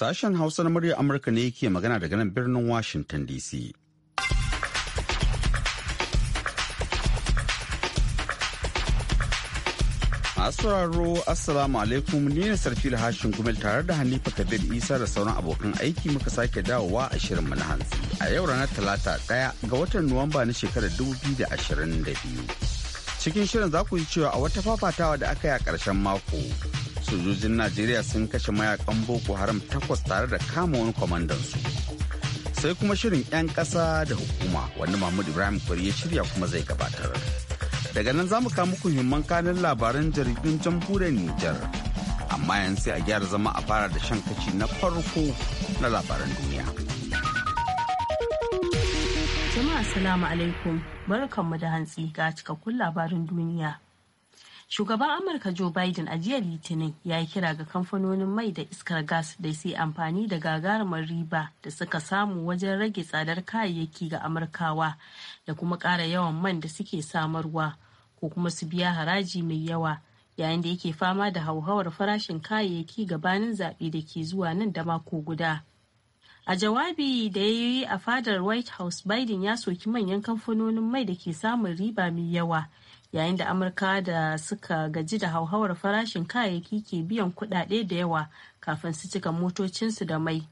Sashen Hausa na murya Amurka ne yake magana daga nan birnin Washington DC. sauraro Assalamu alaikum ni ne da Hashin Gumel tare da Hanifa Kabir Isa da sauran abokan aiki muka sake dawowa a shirin mu na hantsi. A yau ranar Talata daya ga watan Nuwamba na shekarar da ashirin biyu. Cikin shirin za ku yi cewa a wata fafatawa da aka yi a ƙarshen mako sojojin najeriya sun kashe mayakan boko haram takwas tare da kama wani kwamandansu sai kuma shirin 'yan ƙasa da hukuma wani mahmud ibrahim kwari ya shirya kuma zai gabatar daga nan za mu kawo muku himman kanin labaran jaridun jamhuriyar nijar amma yanzu sai a gyara zama a fara da shan kashi na farko na labaran duniya jama'a salamu alaikum barkanmu da hantsi ga cikakkun labarin duniya Shugaban Amurka Joe Biden a jiya Litinin ya yi kira ga kamfanonin mai da iskar gas da su amfani da gagarumar riba da suka samu wajen rage tsadar kayayyaki ga Amurkawa da kuma ƙara yawan man da suke samarwa ko kuma su biya haraji mai yawa yayin da yake fama da hauhawar farashin kayayyaki gabanin zaɓe da ke zuwa nan da mako guda. A jawabi da ya yi a fadar White House, Biden ya soki manyan kamfanonin mai da ke samun riba mai yawa yayin da amurka da suka gaji da hauhawar farashin kayayyaki ke biyan kuɗaɗe da yawa kafin su cika motocinsu da mai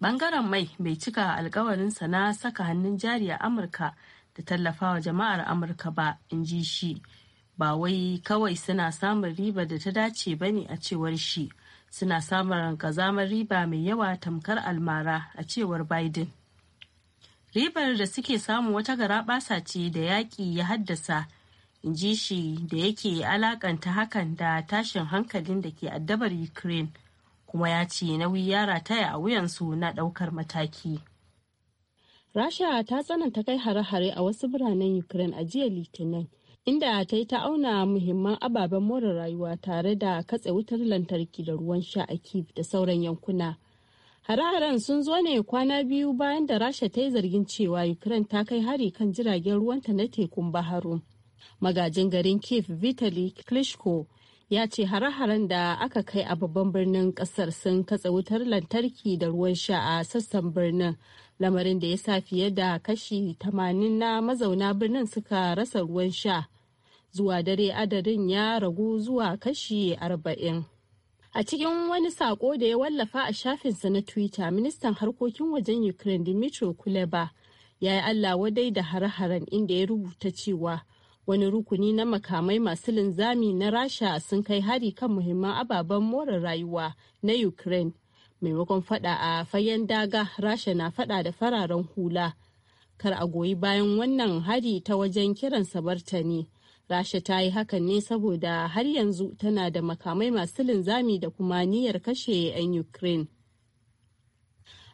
bangaren mai bai cika alkawarinsa na saka hannun jari a amurka da tallafawa jama'ar amurka ba in ji shi ba wai kawai suna samun riba da ta dace ba ne a cewar shi suna samun kazamar riba mai yawa tamkar almara a cewar biden ribar da suke samu wata garaɓasa ce da yaƙi ya haddasa in shi da yake alakanta hakan da tashin hankalin da ke addabar ukraine kuma ya ce nauyi ya rataya a wuyansu na daukar mataki rasha ta tsananta kai hare-hare a wasu biranen ukraine a jiya litinin inda ta yi ta auna muhimman ababen more rayuwa tare da katse wutar lantarki da ruwan sha a kiev da sauran yankuna hare-haren sun zo ne kwana biyu bayan da rasha ta yi zargin cewa ukraine ta kai hari kan jiragen ruwanta na tekun baharu magajin garin kif vitali klishko ya ce hare-haren da aka kai a babban birnin kasar sun katse wutar lantarki da ruwan sha a sassan birnin lamarin da ya sa fiye da kashi 80 na mazauna birnin suka rasa ruwan sha zuwa dare adadin ya ragu zuwa kashi 40 a cikin wani sako da ya wallafa a shafinsa na twitter ministan harkokin wajen ukraine dimitro kuleba ya yi allah wadai da hare-haren inda ya rubuta cewa wani rukuni na makamai masu linzami na rasha sun kai hari kan muhimman ababen more rayuwa na ukraine maimakon fada a fayen daga rasha na fada da fararen hula kar a goyi bayan wannan hari ta wajen kiransa ne. rasha ta yi hakan ne saboda har yanzu tana da makamai masu linzami da kuma niyyar kashe 'yan ukraine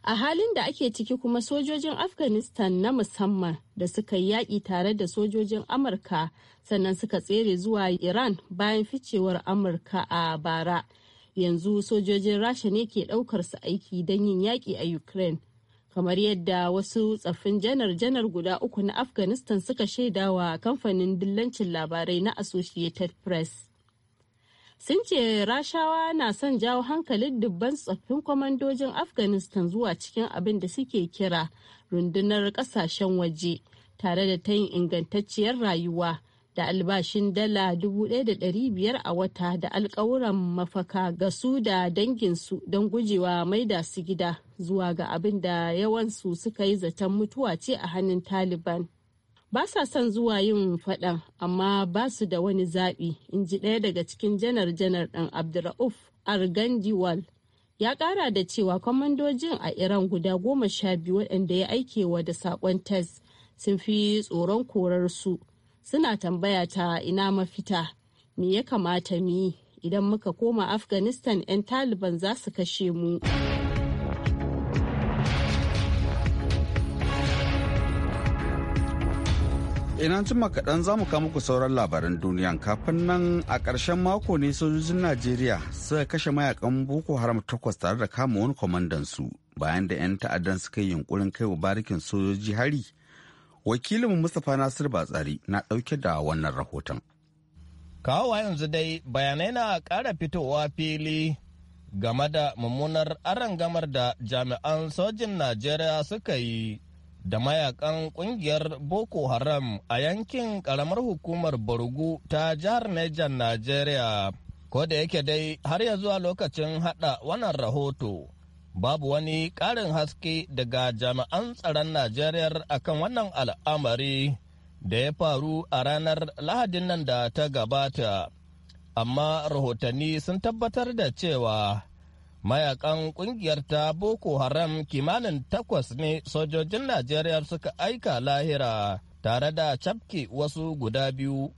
a halin da ake ciki kuma sojojin afghanistan na musamman da suka yi yaƙi tare da sojojin amurka sannan suka tsere zuwa iran bayan ficewar amurka a bara yanzu sojojin rasha ne ke ɗaukar su aiki don yin yaƙi a ukraine kamar yadda wasu tsaffin janar-janar guda uku na afghanistan suka shaidawa kamfanin dillancin labarai na associated press sun ce rashawa na son jawo hankalin dubban tsoffin kwamandojin afghanistan zuwa cikin abin da suke kira rundunar kasashen waje tare da ta yin ingantacciyar rayuwa da albashin dala 1,500 a wata da alkawuran mafaka ga su da danginsu don gujewa mai da su gida zuwa ga abin da yawansu suka yi zaton mutuwa ce a hannun taliban ba sa son zuwa yin faɗan amma ba su da wani zaɓi in ji ɗaya daga cikin janar-janar ɗan abdulrauf argandiwal ya ƙara da cewa kwamandojin a iran guda goma sha biyu waɗanda ya aikewa da saƙon tas sun fi tsoron korar su suna tambaya ta ina mafita me ya kamata mu yi idan muka koma afghanistan 'yan taliban za su kashe mu. ina cin makaɗan za mu muku sauran labaran duniyan kafin nan a ƙarshen mako ne sojojin najeriya suka kashe mayakan boko haram takwas tare da kama wani kwamandan su bayan da 'yan ta'addan suka yi yunkurin kai wa barikin sojoji hari wakilin mustapha nasir batsari na ɗauke da wannan rahoton kawowa yanzu dai bayanai na ƙara fitowa fili game da mummunar arangamar da jami'an sojin najeriya suka yi da mayakan kungiyar Boko Haram a yankin karamar hukumar Borgu ta jihar Niger Najeriya. Ko da yake dai har ya zuwa lokacin hada wannan rahoto, babu wani ƙarin haske daga jami'an tsaron Najeriya akan wannan al'amari da ya faru a ranar Lahadin nan da ta gabata. Amma rahotanni sun tabbatar da cewa mayakan kungiyar ta boko haram kimanin takwas ne sojojin najeriya suka aika lahira tare da cafke wasu guda biyu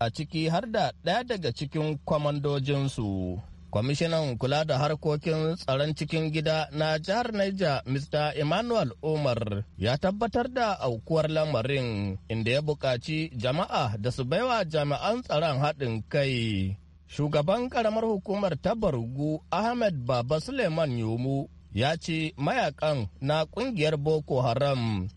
a ciki har da ɗaya daga cikin kwamandojinsu kwamishinan kula da harkokin tsaron cikin gida na jihar Niger mr emmanuel omar ya tabbatar da aukuwar lamarin inda ya buƙaci jama'a da su baiwa jami'an tsaron haɗin kai Shugaban karamar hukumar Tabarugu Ahmed Baba Suleiman Yomu ya ce mayakan na kungiyar Boko Haram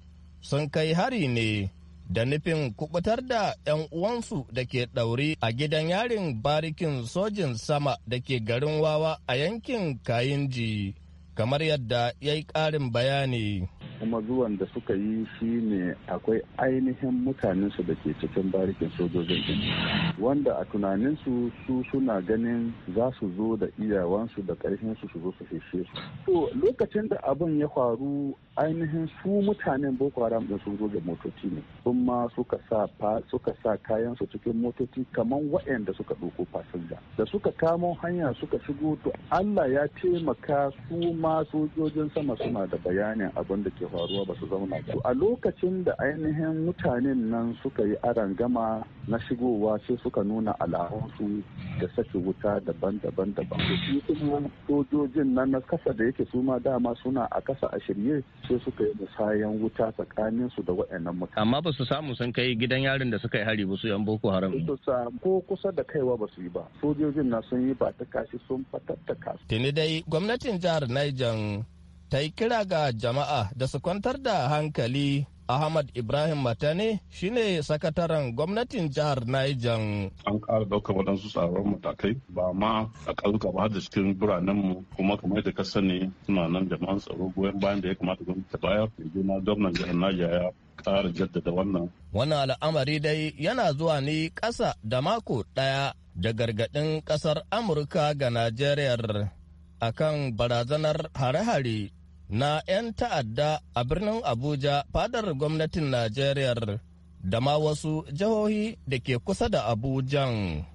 sun kai hari ne da nufin kubutar da 'yan uwansu da ke ɗauri a gidan yarin barikin sojin sama da ke garin wawa a yankin kayinji kamar yadda ya yi ƙarin bayani. kuma zuwan da suka yi shi ne akwai ainihin mutanensu da ke cikin barikin sojojin din wanda a tunaninsu su suna ganin za su zo da iyawansu da ƙarfinsu su zo su fishe su to lokacin da abin ya faru ainihin su mutanen boko haram da sun zo da motoci ne kuma suka sa suka sa kayan su cikin motoci kamar waɗanda suka ɗauko fasinja da suka kamo hanya suka shigo to Allah ya taimaka su ma sojojin sama suna da bayanin abin da ke faruwa ba su zauna to a lokacin da ainihin mutanen nan suka yi arangama na shigowa sai suka nuna alahunsu da sake wuta daban-daban daban sojojin nan na kasa da yake su ma dama suna a kasa a shirye sai suka yi musayan wuta tsakanin su da waɗannan mutane. Amma ba su samu sun kai gidan yarin da suka yi hari ba su yan Boko Haram. Su ko kusa da kaiwa ba su yi ba. Sojojin na sun yi ba ta kashi sun fatattaka. Tuni dai gwamnatin jihar Niger ta yi kira ga jama'a da su kwantar da hankali Ahmad Ibrahim Matane shine sakataren gwamnatin jihar Niger. An ƙara ɗaukar waɗansu tsaron matakai ba ma a ƙauyuka ba da cikin biranenmu kuma kamar yadda ka sani suna nan man tsaro goyon bayan da ya kamata gwamnati ta bayar. Mai gwamnan jihar Niger ya ƙara jaddada wannan. Wannan al'amari dai yana zuwa ne ƙasa da mako ɗaya da gargaɗin ƙasar Amurka ga Najeriya akan barazanar hare-hare na 'yan ta'adda a birnin Abuja fadar gwamnatin Najeriya da ma wasu jihohi da ke kusa da Abujan.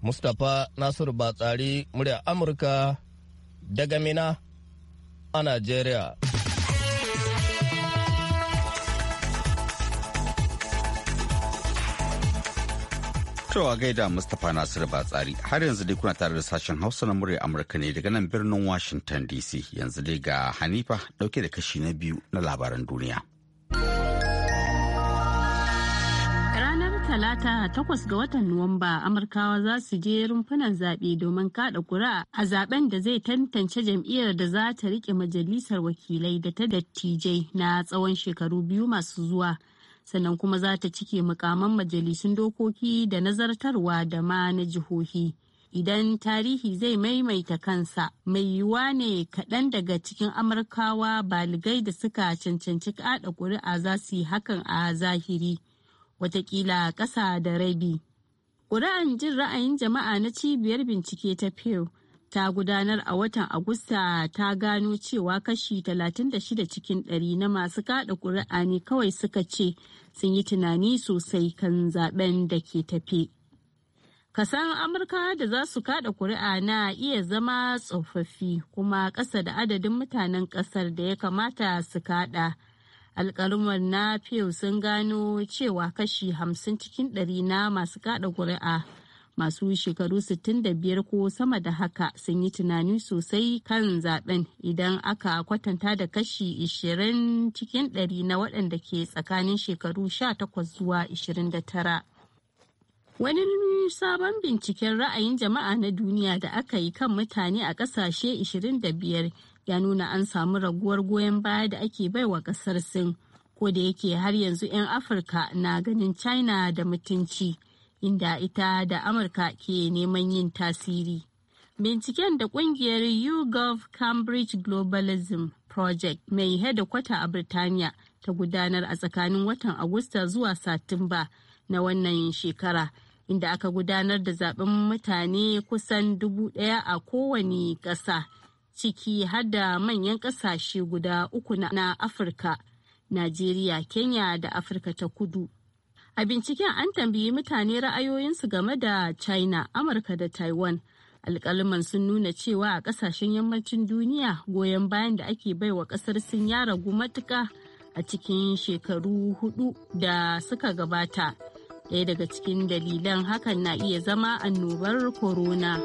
Mustapha Nasiru Batsari, murya Amurka daga Mina a Najeriya. To a gaida Mustapha Nasiru Batsari har yanzu dai kuna tare da sashen Hausa na murya Amurka ne daga nan birnin Washington DC yanzu dai ga Hanifa dauke da kashi na biyu na labaran duniya. Ranar Talata takwas ga watan Nuwamba Amurkawa za su je rumfunan zaɓe domin kaɗa kura a zaben da zai tantance jam'iyyar da za ta rike majalisar wakilai da ta dattijai na tsawon shekaru biyu masu zuwa. sannan kuma za ta cike mukaman majalisun dokoki da nazartarwa da ma na jihohi. Idan tarihi zai maimaita kansa, mai yiwuwa ne kaɗan daga cikin Amurkawa baligai da suka cancanci kaɗa ƙuri'a za su yi hakan a zahiri, watakila ƙasa da rabi. Ƙuri'an jin ra'ayin jama'a na cibiyar bincike ta Pew ta gudanar a watan Agusta ta gano cewa kashi 36 cikin ɗari na masu kada kuri'a ne kawai suka ce sun yi tunani sosai kan zaben da ke tafe. Kasan Amurka da za su kada ƙuri'a na iya zama tsofaffi kuma ƙasa da adadin mutanen ƙasar da ya kamata su kada. alkalumar na Pew sun gano cewa kashi 50 cikin ɗari na masu kada ƙuri'a masu shekaru 65 ko sama da haka sun yi tunani sosai kan zaben idan aka kwatanta da kashi 20 cikin 100 na waɗanda ke tsakanin shekaru 18 zuwa 29. Wani sabon binciken ra'ayin jama'a na duniya da aka yi kan mutane a ƙasashe 25 ya nuna an samu raguwar goyon baya da ake baiwa ƙasar Sin, ko da yake har yanzu 'yan Afirka na ganin China da mutunci. inda ita da amurka ke neman yin tasiri binciken da kungiyar YouGov cambridge globalism project mai kwata a birtaniya ta gudanar a tsakanin watan agusta zuwa satumba na wannan shekara inda aka gudanar da zaben mutane kusan dubu daya a kowane ƙasa ciki hada manyan ƙasashe guda uku na afirka najeriya kenya da afirka ta kudu A binciken an tambayi mutane ra'ayoyinsu game da China, Amurka da Taiwan. alkaliman sun nuna cewa a ƙasashen yammacin duniya goyon bayan da ake baiwa ƙasar sun ya ragu matuka a cikin shekaru hudu da suka gabata ɗaya daga cikin dalilan hakan na iya zama annobar corona.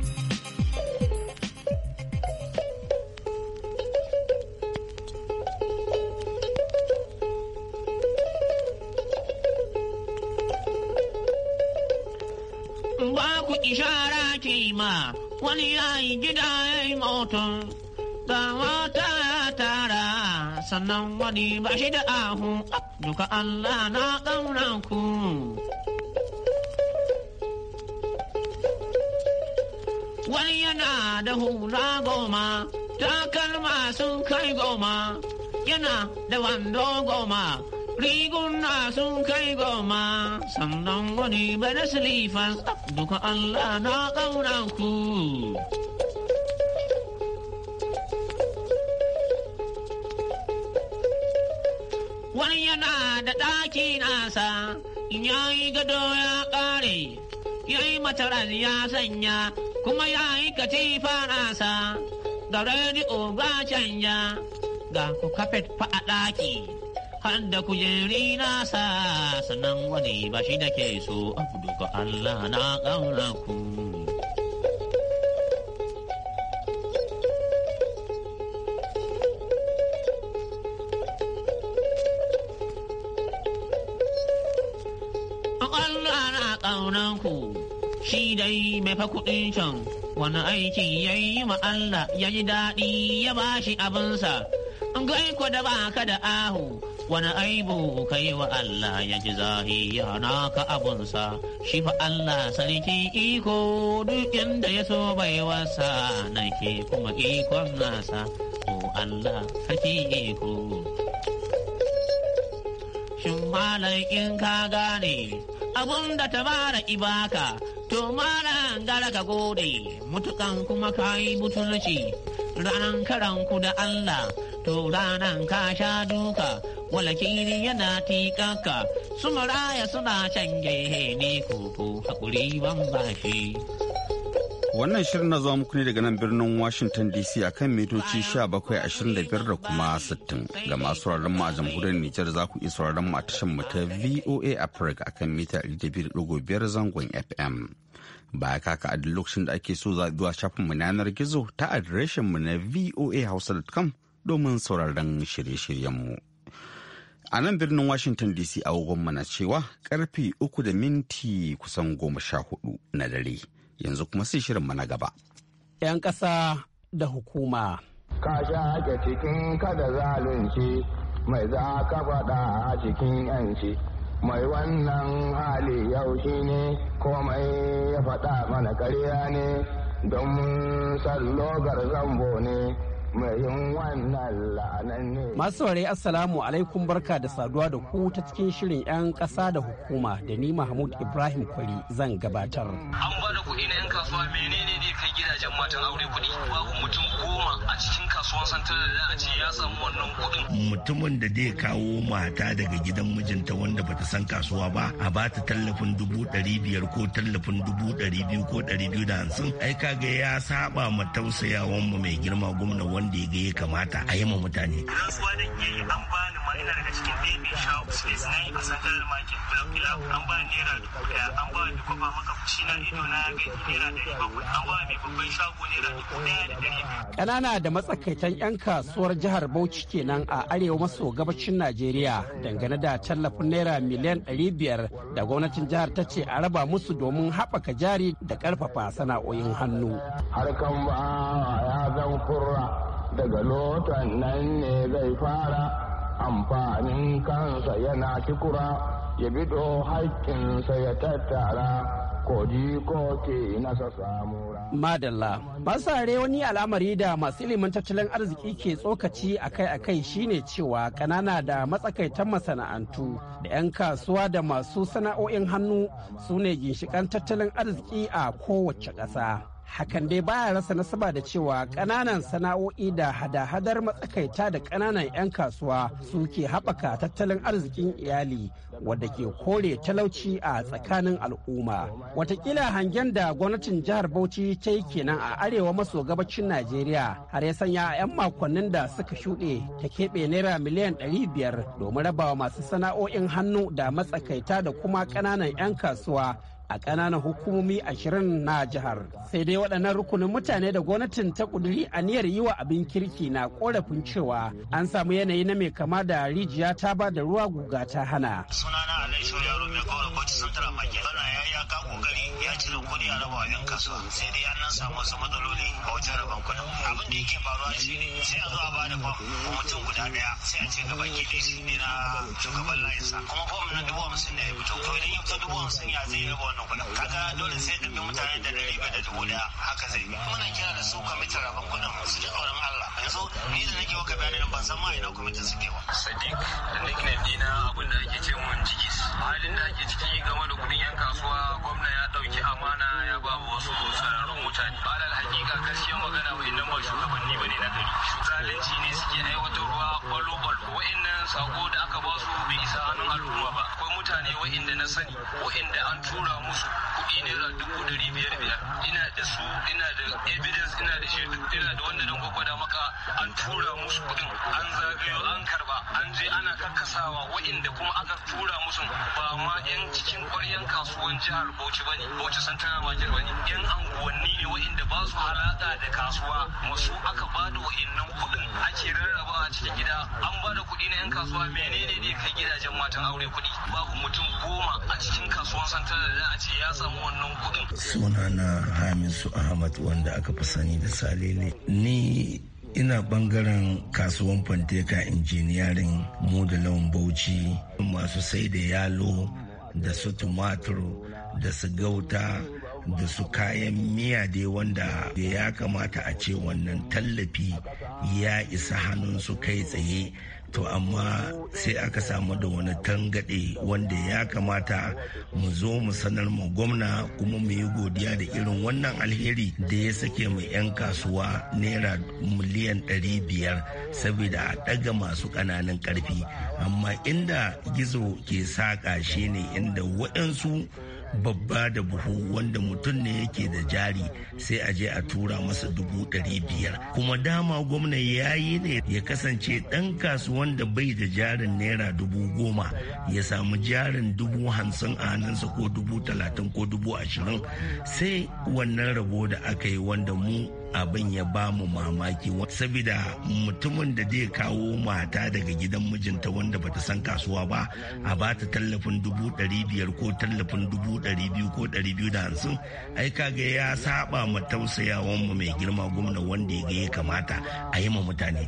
wani ya yi gida ya yi moto ga mata ya tara sannan wani ba shi da ahu duka Allah na ɗaunan ku. wani yana da hula goma takalma sun kai goma yana da wando goma riguna sun kai goma sannan wani bane silifan duka Allah na ƙauna ku. Wani yana da ɗaki nasa, ya yi gado ya ƙare, ya yi ya sanya, kuma ya yi katifa nasa, da rediyo ba canja, ga ku kafet fa a ɗaki. hadda kujeri na sa sannan wani ba shi da ke so abu duka Allah na ku. Allah na ƙaura ku shi dai mai kuɗin can wani aiki ya yi ma Allah ya ji daɗi ya ba shi abinsa. Gai da ba ka da ahu wani aibu ka yi wa Allah ya ji zahiya naka abunsa shi fa Allah sarki iko duk inda ya so bai wasa nake kuma ikon nasa o Allah sarki iko shin malam in ka gane abun da ta bara ibaka to malam gara ka gode mutukan kuma ka yi butulci ranan karanku da Allah to ranan ka sha duka walakini yana tikaka su maraya suna can ne haƙuri ban Wannan shirin na zuwa muku ne daga nan birnin Washington DC a kan mitoci 1725 da kuma 60 ga masu sauraron mu a jamhuriyar Nijar za ku iya sauraron mu a tashar mu ta VOA Africa a kan mita 200.5 zangon FM. Baya kaka a duk lokacin da ake so za zuwa shafin mu yanar gizo ta adireshin mu na voa voahausa.com domin sauraron shirye-shiryen mu. a nan birnin washington dc a agogon mana cewa karfe uku da minti kusan goma sha hudu na dare yanzu kuma sai shirin mana gaba 'yan ƙasa da hukuma ka ake cikin kada zalunci mai za ka faɗa a cikin 'yanci mai wannan hali yau shi ne komai ya faɗa mana karya ne don sallogar zambo ne Masu saurari Assalamu alaikum barka da saduwa da ku ta cikin shirin 'yan ƙasa da hukuma da ni Mahmud Ibrahim Kwari zan gabatar. An gwada kuɗi na 'yan kasuwa menene ne kai gidajen matan aure kuɗi babu mutum goma a cikin kasuwan santar da a ce ya samu wannan kuɗin. Mutumin da zai kawo mata daga gidan mijinta wanda bata san kasuwa ba a ba ta tallafin dubu ɗari biyar ko tallafin dubu ɗari biyu ko ɗari biyu da hamsin ai kaga ya saba ma tausayawan mu mai girma gwamna wanda ya ga ya kamata a yi mutane. Rantsuwa da ke yi an bani ma ina daga cikin baby shop space na yi a central market block club an bani naira dubu daya an ba ni kofa maka fushi na ido na ga naira dari bakwai an ba mai babban shago naira dubu daya da dari. Ƙanana da matsakaitan 'yan kasuwar jihar Bauchi kenan a arewa maso gabacin Najeriya dangane da tallafin naira miliyan ɗari biyar da gwamnatin jihar ta ce a raba musu domin haɓaka jari da ƙarfafa sana'o'in hannu. Harkan ba ya zan kurra daga lotan nan ne zai fara amfanin kansa yana kikura ya bido haƙƙinsa ya tattara ko ke nasa Madalla, masare wani al'amari da masu ilimin tattalin arziki ke tsokaci akai-akai shine cewa kanana da matsakaitan masana'antu da 'yan kasuwa da masu sana'o'in hannu su ne ginshikan tattalin arziki a kowace ƙasa. hakan dai baya rasa nasaba da cewa ƙananan sana'o'i da hada-hadar matsakaita da ƙananan 'yan kasuwa suke haɓaka tattalin arzikin iyali wadda ke kore talauci a tsakanin al'umma watakila hangen da gwamnatin jihar bauchi ta yi kenan a arewa maso gabacin najeriya har ya sanya 'yan makonnin da suka shuɗe ta keɓe naira miliyan biyar domin rabawa masu sana'o'in hannu da matsakaita da kuma ƙananan 'yan kasuwa a ƙananan hukumomi ashirin na jihar sai dai waɗannan rukunin mutane da gwamnatin ta ƙuduri aniyar yi wa abin kirki na ƙorafin cewa an samu yanayi na mai kama da rijiya ta ba da ruwa guga ta hana a sai a zo a ba mutum guda ɗaya sai a ce gaba gidi shi ne na shugaban layinsa kuma fom na dubu hamsin da ya fito idan ya fito dubu hamsin ya zai raba wannan kuɗin kaga dole sai ɗumbin mutane da ɗari bai da dubu ɗaya haka zai yi. muna kira da su kwamitin rabon kuɗin su ji tsoron Allah yanzu ni da nake waka bayanin ban san ma ina kwamitin suke ba. Sadiq da nickname ɗina abin da ake ce mun jigis halin da ake ciki game da kuɗin yan kasuwa gwamna ya ɗauki amana ya ba wasu tsararrun mutane. Alal hakika gaskiyar magana wa'innan ba shugabanni ba ne na gari. Zalunci ne suke aiwatarwa kwallo-kwallo wa'innan sako da aka ba su bai isa hannun al'umma ba. mutane wa'inda na sani wa'inda an tura musu ne naira dubu ɗari biyar biyar ina da su ina da evidence ina da shi ina da wanda don gwagwada maka an tura musu kuɗin an zagayo an karba an je ana karkasawa waɗanda kuma aka tura musu ba ma yan cikin ƙwaryan kasuwan jihar Bauchi bane Bauchi Santana Major bane yan anguwanni ne waɗanda ba su halaka da kasuwa musu aka ba da waɗannan kuɗin ake rarraba a cikin gida an ba da kuɗi na yan kasuwa menene ne kai gidajen matan aure kuɗi babu mutum goma a cikin kasuwan Santana da a ce ya samu wannan sunana hamisu ahmad wanda aka fi sani da salele ni ina bangaren kasuwan fanteka injiniyarin mu da lawan bauchi masu sai da yalo da su tumatur da su gauta da su kayan miya dai wanda da ya kamata a ce wannan tallafi ya isa hannun su kai tsaye to amma sai aka samu da wani tangaɗe wanda ya kamata mu zo mu sanar mu gwamna kuma mu yi godiya da irin wannan alheri da ya sake mu 'yan kasuwa naira miliyan 500 saboda a ɗaga masu ƙananan ƙarfi amma inda gizo ke saƙa ne inda waɗansu babba da buhu wanda mutum ne yake da jari sai a je a tura masa dubu ɗari biyar kuma dama gwamna ya yi ne ya kasance ɗan kasuwan da bai da jarin naira dubu goma ya samu jarin dubu hamsin a hannunsa ko dubu talatin ko dubu ashirin sai wannan rabo da aka yi wanda mu abin ya ba mu mamaki saboda mutumin da zai kawo mata daga gidan mijinta wanda bata san kasuwa ba a ba ta tallafin dubu ɗari biyar ko tallafin dubu ɗari biyu ko ɗari biyu da hamsin ai kaga ya saba ma tausayawan mu mai girma gwamna wanda ya ga ya kamata a yi ma mutane.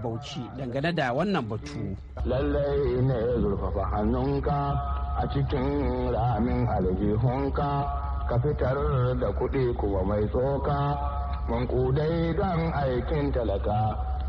Bauchi dangane da wannan batu. Lallai ne zurfafa hannunka a cikin ramin aljihunka ka fitar da kuɗi kuma mai tsoka kudai don aikin talaka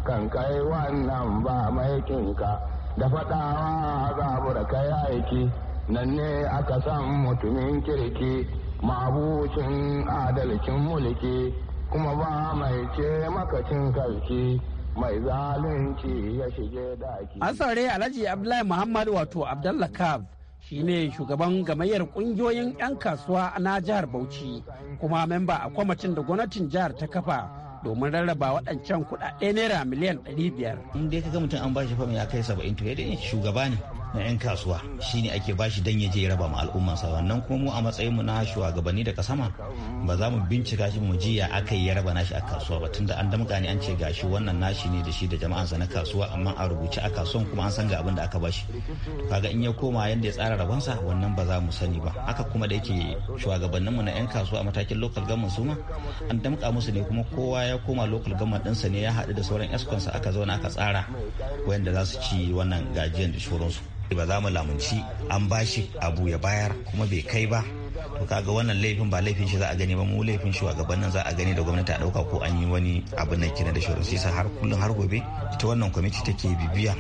kan kai wannan ba maikinka da faɗawa zabura kai aiki nan ne aka san mutumin kirki mabucin adalcin mulki kuma ba mai ce makacin kalki mai zalunci ya shige daki. An Alhaji Abdullahi Muhammad wato Abdullakab Kab shi ne shugaban gamayyar kungiyoyin 'yan kasuwa na jihar Bauchi kuma memba a kwamitin da gwamnatin jihar ta kafa domin rarraba waɗancan kuɗaɗe naira miliyan 500. In dai ka ga mutum an ba shi fam ya kai 70 to ya shugaba ne. na 'yan kasuwa shine ake bashi dan ya je ya raba ma al'ummansa wannan kuma mu a matsayin mu na shugabanni daga sama ba za mu bincika shi mu jiya aka yi ya raba nashi a kasuwa ba tunda an damka ne an ce gashi wannan nashi ne da shi da jama'ansa na kasuwa amma a rubuce a kasuwan kuma an san ga abin da aka bashi kaga in ya koma yanda ya tsara sa wannan ba za mu sani ba haka kuma da yake shugabannin mu na 'yan kasuwa a matakin local government su ma an damka musu ne kuma kowa ya koma local government ɗinsa ne ya haɗu da sauran eskonsa aka zauna aka tsara wayanda za su ci wannan gajiyar da shuransu ba za mu lamunci an bashi abu ya bayar kuma bai kai ba kaga wannan laifin ba laifin shi za a gani ba mu laifin shi gaban nan za a gani da gwamnati a dauka ko an yi wani abu na kina da shirin sai har kullum har gobe ita wannan kwamiti take bibiya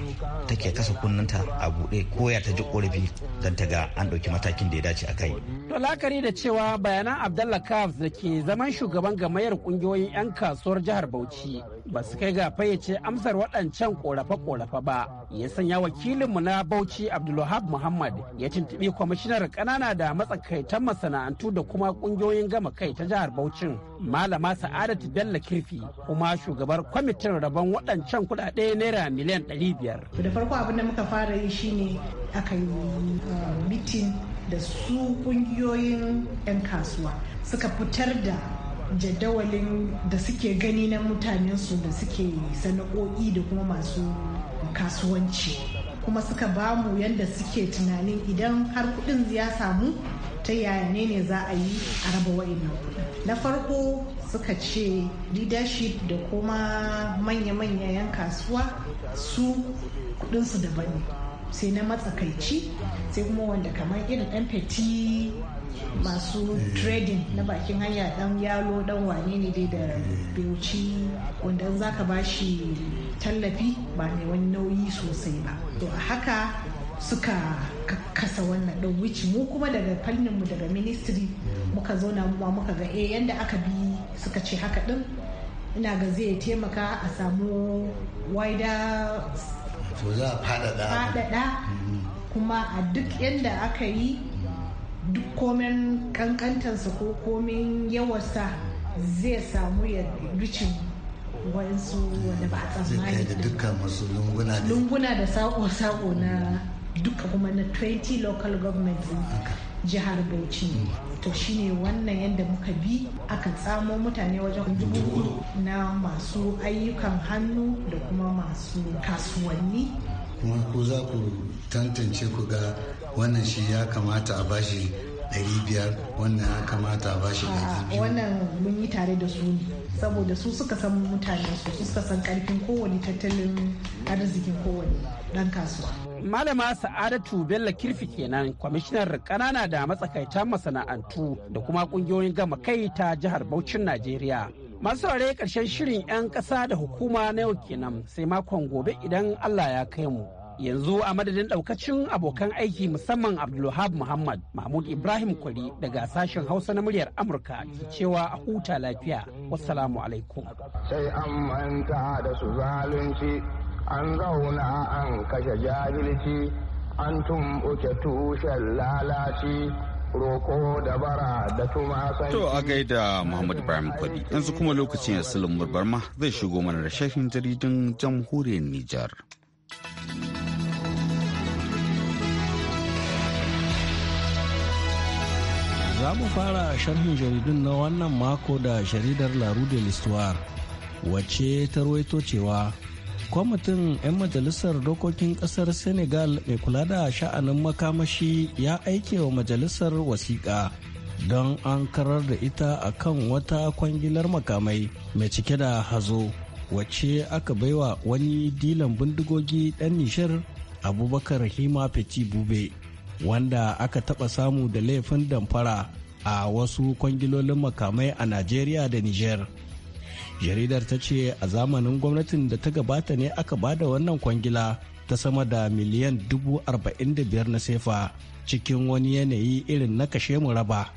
take kasa ta a bude koya ta ji korafi don ta ga an ɗauki matakin da ya dace a kai. To lakari da cewa bayanan Abdallah Kaf da ke zaman shugaban mayar kungiyoyin 'yan kasuwar jihar Bauchi ba su kai ga fayyace amsar waɗancan korafe-korafe ba ya sanya wakilinmu na Bauchi Abdulwahab Muhammad ya tuntuɓi kwamishinar ƙanana da matsakaitan shugaban masana'antu da kuma kungiyoyin gama kai ta jihar bauchi malama Sa'adatu Bello Kirfi kuma shugabar kwamitin rabon waɗancan kuɗaɗe naira miliyan 500. Da farko abin da muka fara yi shine aka yi uh, mitin da su kungiyoyin 'yan kasuwa suka fitar da jadawalin da suke gani na mutanensu da suke sana'o'i da kuma masu kasuwanci kuma suka bamu yadda suke tunanin idan har kuɗin ya samu ta yaya ne ne za a yi a raba wa'annan na farko suka ce leadership da kuma manya-manya 'yan kasuwa su kudinsu daban ne sai na matsakaici sai kuma wanda kamar irin ɗan feti masu trading na bakin hanya dan yalo dan wane ne dai da bauchi wanda za ka bashi tallafi ba mai wani nauyi sosai ba to a haka suka kasa wannan ɗin which mu kuma daga fannin mu daga ministry muka zauna muwa muka ga eh yanda aka bi suka ce haka ɗin ina ga zai taimaka a samu wider to faɗaɗa mm-hmm. kuma a duk yadda aka yi duk komen kankantansa ko komin yawarsa zai samu ya ricin wayansu wanda ba a tsammani da dukkan masu lunguna da sako-sako na duka kuma na 20 local government jihar Bauchi to shine wannan yadda muka bi aka tsamo mutane wajen dubu na masu ayyukan hannu da kuma masu kasuwanni kuma ku za ku tantance ku ga wannan shi ya kamata a bashi 500 wannan ya kamata a bashi 500 wannan mun yi tare da su ne saboda su suka san mutane su suka san karfin kowane tattalin arzikin kowane dan kasuwa Malama Sa'adatu Bello Kirfi kenan kwamishinar kanana da matsakaitan masana'antu da kuma kungiyoyin gama kai ta jihar Bauchin Najeriya. Masu ware karshen shirin 'yan ƙasa da hukuma na yau kenan sai makon gobe idan Allah ya kai mu. yanzu a madadin daukacin abokan aiki musamman abdulwahab muhammad mahmud ibrahim kwari daga sashen hausa na muryar amurka ke cewa a huta lafiya wasalamu alaikum sai an manta da su zalunci an zauna an kashe jahilci an tumbuke tushen lalaci roko da bara da to a gaida muhammad ibrahim kwari yanzu kuma lokacin ya silin barma zai shigo mana da shafin jaridun jamhuriyar nijar. Za mu fara sharhin jaridun na wannan mako da jaridar Laru de l'Histoire, wacce ta ruwaito cewa kwamitin 'yan majalisar dokokin kasar Senegal mai kula da sha'anin makamashi ya aike wa majalisar wasiƙa don an karar da ita a kan wata kwangilar makamai mai cike da hazo. wacce aka baiwa wani dilan bindigogi ɗan nishar abubakar hima feti bube wanda aka taɓa samu da laifin damfara a wasu kwangilolin makamai a Najeriya da Nijar. Jaridar ta ce a zamanin gwamnatin da ta gabata ne aka ba da wannan kwangila ta sama da miliyan dubu arba'in da biyar na sefa cikin wani yanayi irin na kashe mu raba.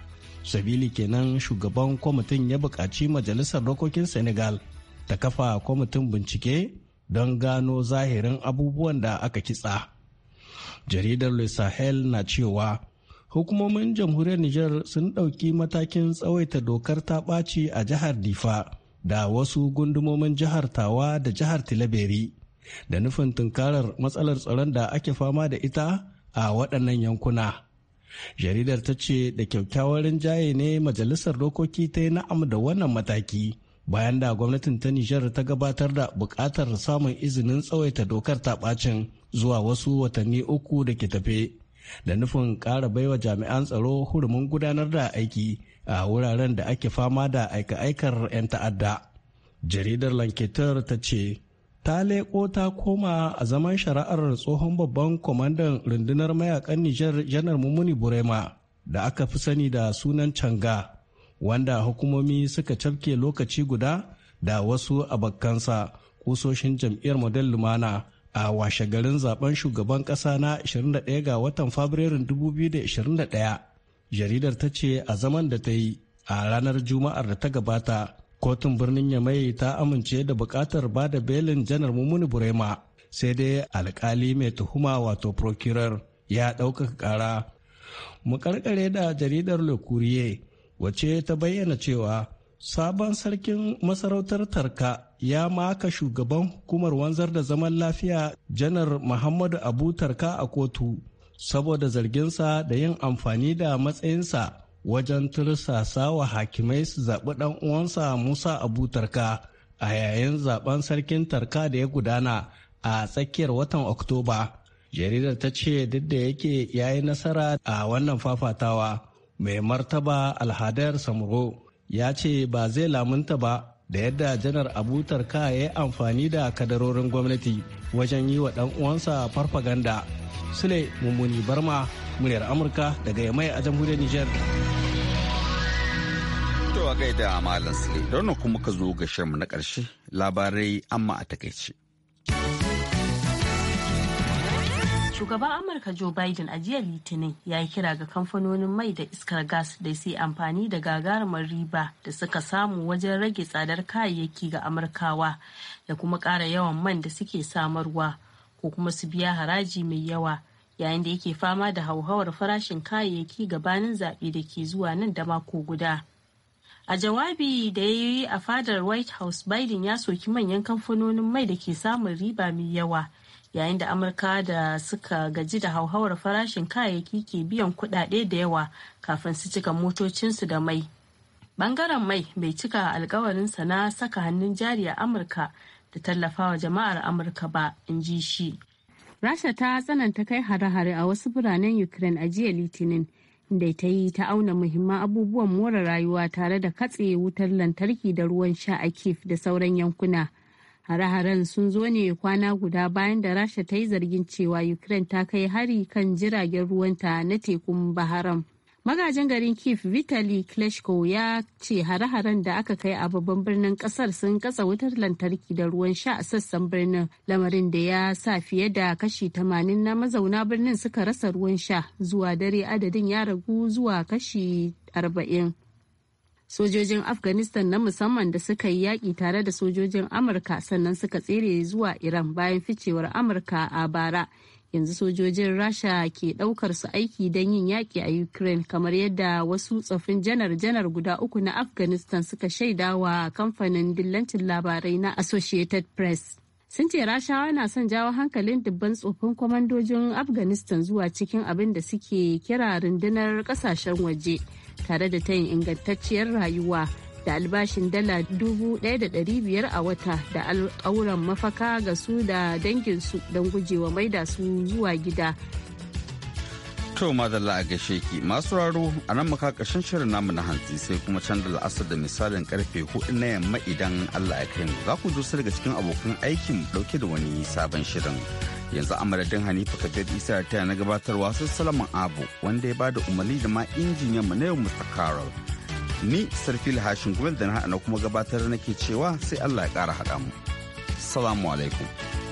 Sabili kenan shugaban kwamitin ya buƙaci majalisar dokokin Senegal ta kafa kwamitin bincike don gano zahirin abubuwan da aka kitsa. jaridar le sahel na cewa hukumomin jamhuriyar niger sun ɗauki matakin tsawaita dokar ta ɓaci a jihar difa da wasu gundumomin jihar tawa da jihar tilaberi da nufin tunkarar matsalar tsaron da ake fama da ita a waɗannan yankuna jaridar ta ce da kyakkyawar rinjaye ne majalisar dokoki ta yi na'am da wannan mataki bayan da gwamnatin ta nijar ta gabatar da buƙatar samun izinin tsawaita dokar ta ɓacin zuwa wasu watanni uku da ke tafe da nufin ƙara baiwa jami'an tsaro hurumin gudanar da aiki a wuraren da ake fama da aika-aikar 'yan ta'adda. Jaridar Lanketer ta ce, ta leko ta koma a zaman shari'ar tsohon babban kwamandan rundunar mayakan Nijar janar Mummuni Burema da aka fi sani da sunan Canga, wanda hukumomi suka cafke lokaci guda da wasu abakansa kusoshin jam'iyyar model Lumana a washe garin zaben shugaban ƙasa na 21 ga watan fabrairun 2021 jaridar ta ce a zaman da ta yi a ranar juma'ar da ta gabata kotun birnin yamai ta amince da buƙatar ba da belin janar mummuni burema sai dai alkali mai tuhuma wato procurer ya ɗaukaka ƙara mu karkare da jaridar le wace ta bayyana cewa sabon sarkin masarautar tarka ya maka shugaban hukumar wanzar da zaman lafiya janar muhammadu abu tarka a kotu saboda zarginsa da yin amfani da matsayinsa wajen tursasa wa hakimai su zaɓi ɗan uwansa musa abu tarka a yayin zaben sarkin tarka da ya gudana a tsakiyar watan oktoba jaridar ta ce duk da yake ya yi nasara a wannan fafatawa mai martaba alhadar samuro ya ce ba zai lamunta ba da yadda janar abutar ka ya yi amfani da kadarorin gwamnati wajen yi wa ɗan uwansa farfaganda sule mummuni barma muryar amurka daga yamai a jamhuriyar niger to a gaida malam sule don kuma ka zo ga na karshe labarai amma a takaice Shugaban Amurka Joe Biden a jiya Litinin ya yi kira ga kamfanonin mai da iskar gas da su amfani da gagarumar riba da suka samu wajen rage tsadar kayayyaki ga Amurkawa da kuma ƙara yawan man da suke samarwa ko kuma su biya haraji mai yawa yayin da yake fama da hauhawar farashin kayayyaki gabanin zaɓe da ke zuwa nan da mako guda. A jawabi da ya yi a fadar White House, Biden ya soki manyan kamfanonin mai da ke samun riba mai yawa yayin da amurka da suka gaji da hauhawar farashin kayayyaki ke biyan kudade da yawa kafin su cika motocinsu da mai bangaren mai bai cika alkawarinsa na saka hannun jari a amurka da tallafawa jama'ar amurka ba in ji shi rasha ta tsananta kai hare-hare a wasu biranen ukraine a jiya litinin da ta yi ta auna muhimman abubuwan more rayuwa tare da katse wutar lantarki da ruwan sha a kif da sauran yankuna Hare-haren sun zo ne kwana guda bayan da Rasha ta yi zargin cewa Ukraine ta kai hari kan jiragen ruwanta na tekun Baharam. Magajin garin Kiev Vitali Kleshko ya ce hare-haren da aka kai a babban birnin kasar sun katsa wutar lantarki da ruwan sha a sassan birnin lamarin da ya sa fiye da kashi 80 na mazauna birnin suka rasa ruwan sha zuwa dare adadin ya ragu zuwa kashi 40. sojojin afghanistan na musamman da suka yi yaƙi tare da sojojin amurka sannan suka tsere zuwa iran bayan ficewar amurka a bara yanzu sojojin rasha ke ɗaukar su aiki don yin yaƙi a ukraine kamar yadda wasu tsoffin janar-janar guda uku na afghanistan suka shaida wa kamfanin dillancin labarai na associated press sun ce rashawa na son jawo hankalin dubban tsoffin kwamandojin afghanistan zuwa cikin abin da suke kira rundunar ƙasashen waje. tare da tayin ingantacciyar rayuwa da albashin dala dubu ɗaya da biyar a wata da alƙawuran mafaka ga su da danginsu don gujewa maida su zuwa gida. To madalla a gaishe ki masu raro a nan muka ƙarshen shirin namu na hantsi sai kuma can da la'asar da misalin karfe hudu na yamma idan Allah ya kai mu za ku dusa daga cikin abokan aikin dauke da wani sabon shirin. yanzu a hanifa kabir isa taya na gabatarwa sun salaman abu wanda ya bada umarni da ma injiniyan mu na yau carol ni sarfil hashin gwamnati da na kuma gabatar nake cewa sai allah ya kara haɗa mu salamu alaikum